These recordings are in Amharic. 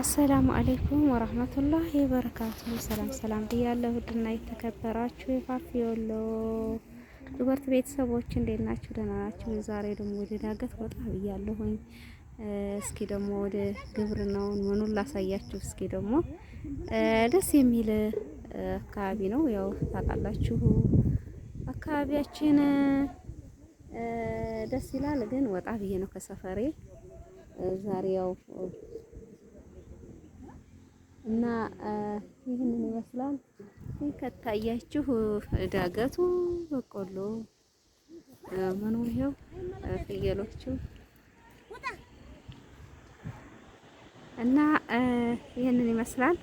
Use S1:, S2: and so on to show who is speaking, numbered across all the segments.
S1: አሰላሙ አሌይኩም ወረህመቱላሂ ወበረካቱ። ሰላም ሰላም ብያለሁ። ውድና የተከበራችሁ የፋፊ ወሎ ትምህርት ቤተሰቦች እንዴት ናችሁ? ደህና ናችሁ? ዛሬ ደግሞ ወደ ዳገት ወጣ ብያለሁኝ። እስኪ ደግሞ ወደ ግብርናውን ምኑን ላሳያችሁ። እስኪ ደግሞ ደስ የሚል አካባቢ ነው። ያው ታውቃላችሁ አካባቢያችን ደስ ይላል። ግን ወጣ ብዬ ነው ከሰፈሬ ዛሬ ያው እና ይህንን ይመስላል። ከታያችሁ ዳገቱ በቆሎ ምኑ ይኸው ፍየሎቹ እና ይህንን ይመስላል።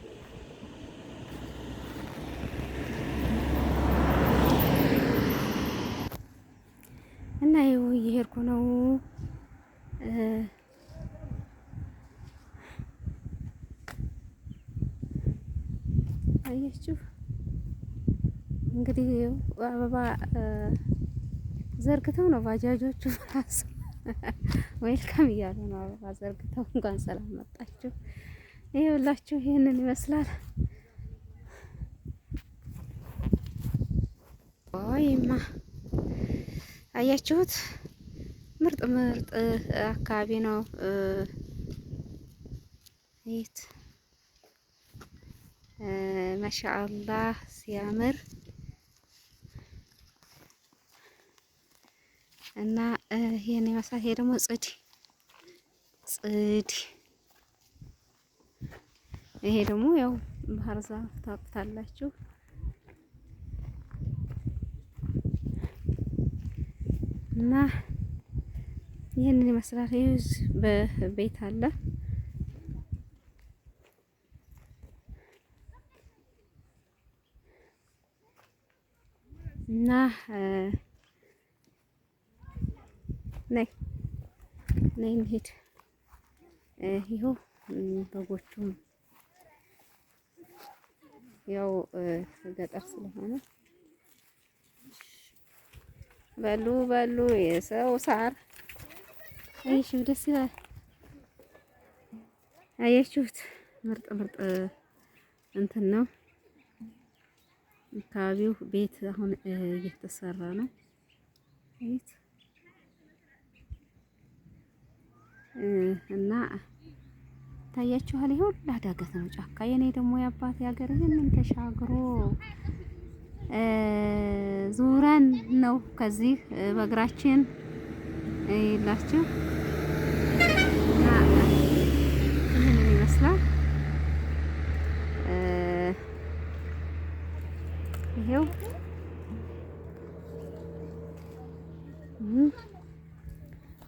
S1: እና ይኸው እየሄድኩ ነው። አያችሁ እንግዲህ አበባ ዘርግተው ነው ባጃጆቹ ራሱ ዌልካም እያሉ ነው። አበባ ዘርግተው እንኳን ሰላም መጣችሁ። ይኸውላችሁ ይህንን ይመስላል። ወይማ አያችሁት ምርጥ ምርጥ አካባቢ ነው ይት ማሻአላህ ሲያምር እና ይሄን ይመስላል። ይሄ ደግሞ ጽድ ጽድ። ይሄ ደግሞ ያው ባህር ዛፍ ታውቁታላችሁ። እና ይህንን ይመስላል። ይህ ቤት አለ እና ነይ ነይ እንሂድ። ይኸው በጎቹም ያው ገጠር ስለሆነ በሉ በሉ የሰው ሳር አየሽው፣ ደስ ይላል። አየችሁት? ምርጥ ምርጥ እንትን ነው። አካባቢው ቤት አሁን እየተሰራ ነው። እና ታያችኋል። ይሄ ሁላ ነው ጫካ። የኔ ደግሞ የአባት ሀገር ይህንን ተሻግሮ ዙረን ነው ከዚህ በእግራችን ይላችሁ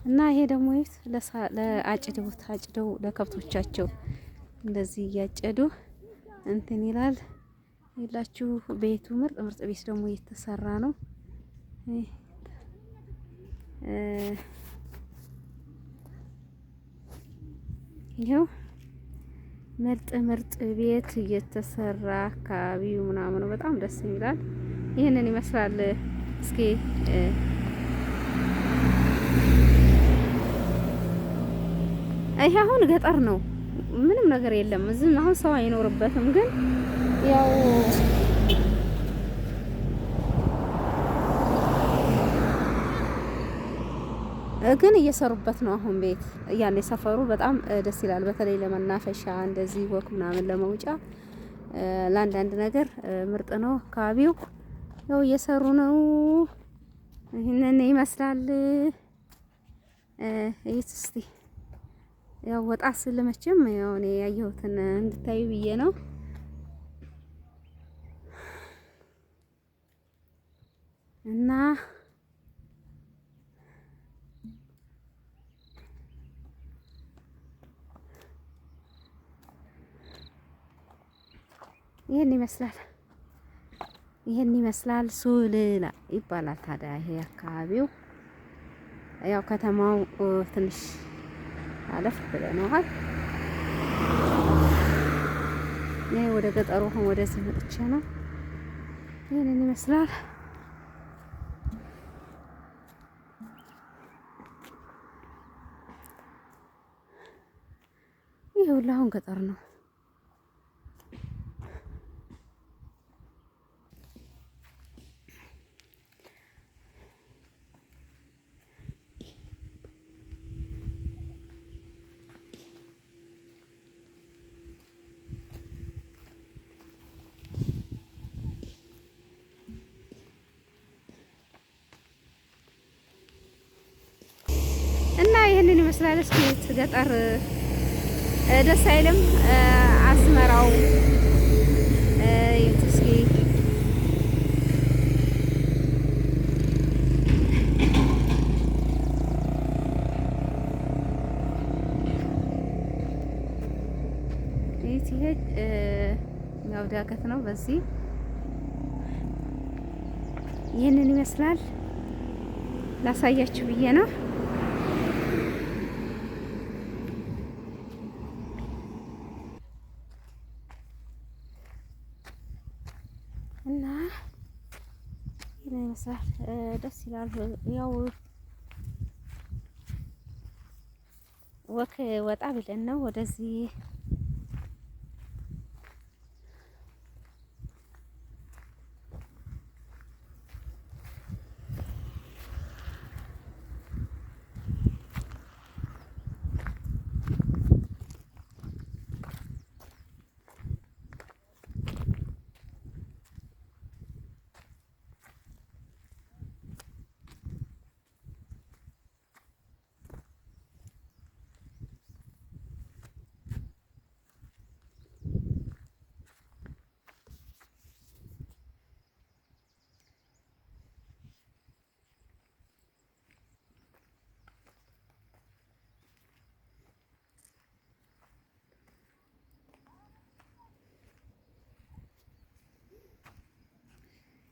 S1: እና ይሄ ደግሞ ይት ቦታ አጭደው ለከብቶቻቸው እንደዚህ እያጨዱ እንትን ይላል ይላችሁ። ቤቱ ምርጥ ምርጥ ቤት ደግሞ እየተሰራ ነው። ይኸው ምርጥ ምርጥ ቤት እየተሰራ አካባቢው ምናምኑ በጣም ደስ ይላል። ይህንን ይመስላል። እስኪ ይሄ አሁን ገጠር ነው፣ ምንም ነገር የለም። እዚህም አሁን ሰው አይኖርበትም፣ ግን ያው ግን እየሰሩበት ነው አሁን ቤት። ያኔ ሰፈሩ በጣም ደስ ይላል። በተለይ ለመናፈሻ እንደዚህ ወክ ምናምን ለመውጫ ለአንዳንድ ነገር ምርጥ ነው አካባቢው። ያው እየሰሩ ነው። ይህንን ይመስላል። እዩት እስቲ። ያው ወጣ ስለመቼም ያው እኔ ያየሁትን እንድታዩ ብዬ ነው። እና ይሄን ይመስላል ይሄን ይመስላል። ሱልላ ይባላል ታዲያ ይሄ አካባቢው ያው ከተማው ትንሽ አለፍ ብለነዋል። ይህ ወደ ገጠሩ አሁን ወደዚህ መጥቼ ነው። ይህንን ይመስላል። ይህ ሁሉ አሁን ገጠር ነው። ትመስላለች። ቤት ገጠር ደስ አይልም። አስመራው እስኪ ያው ዳገት ነው። በዚህ ይህንን ይመስላል ላሳያችሁ ብዬ ነው። እና ይህን ይመስላል። ደስ ይላል። ያው ወክ ወጣ ብለን ነው ወደዚህ